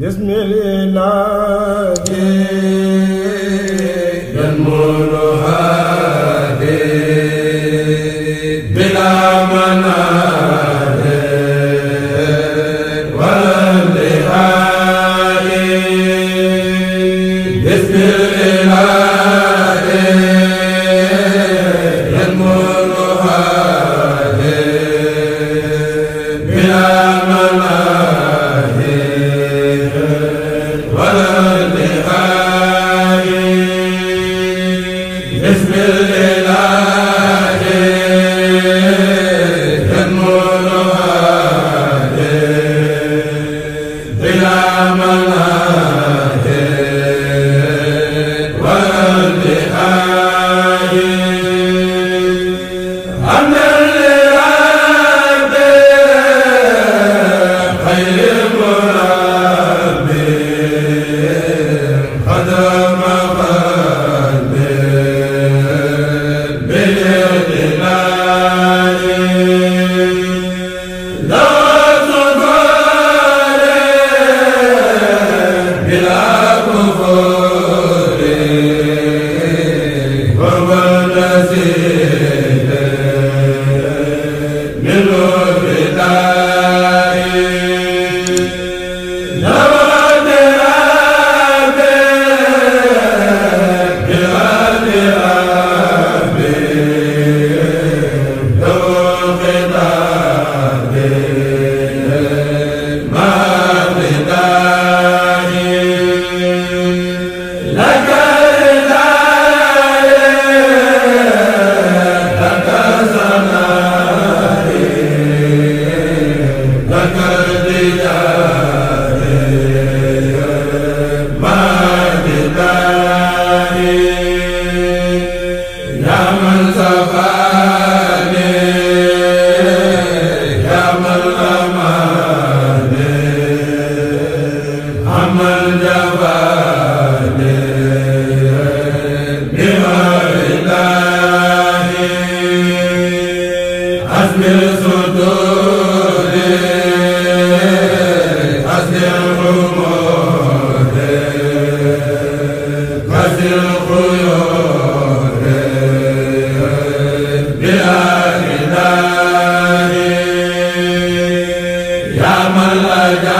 بسم الله Ila Malak. No Asbil Jada.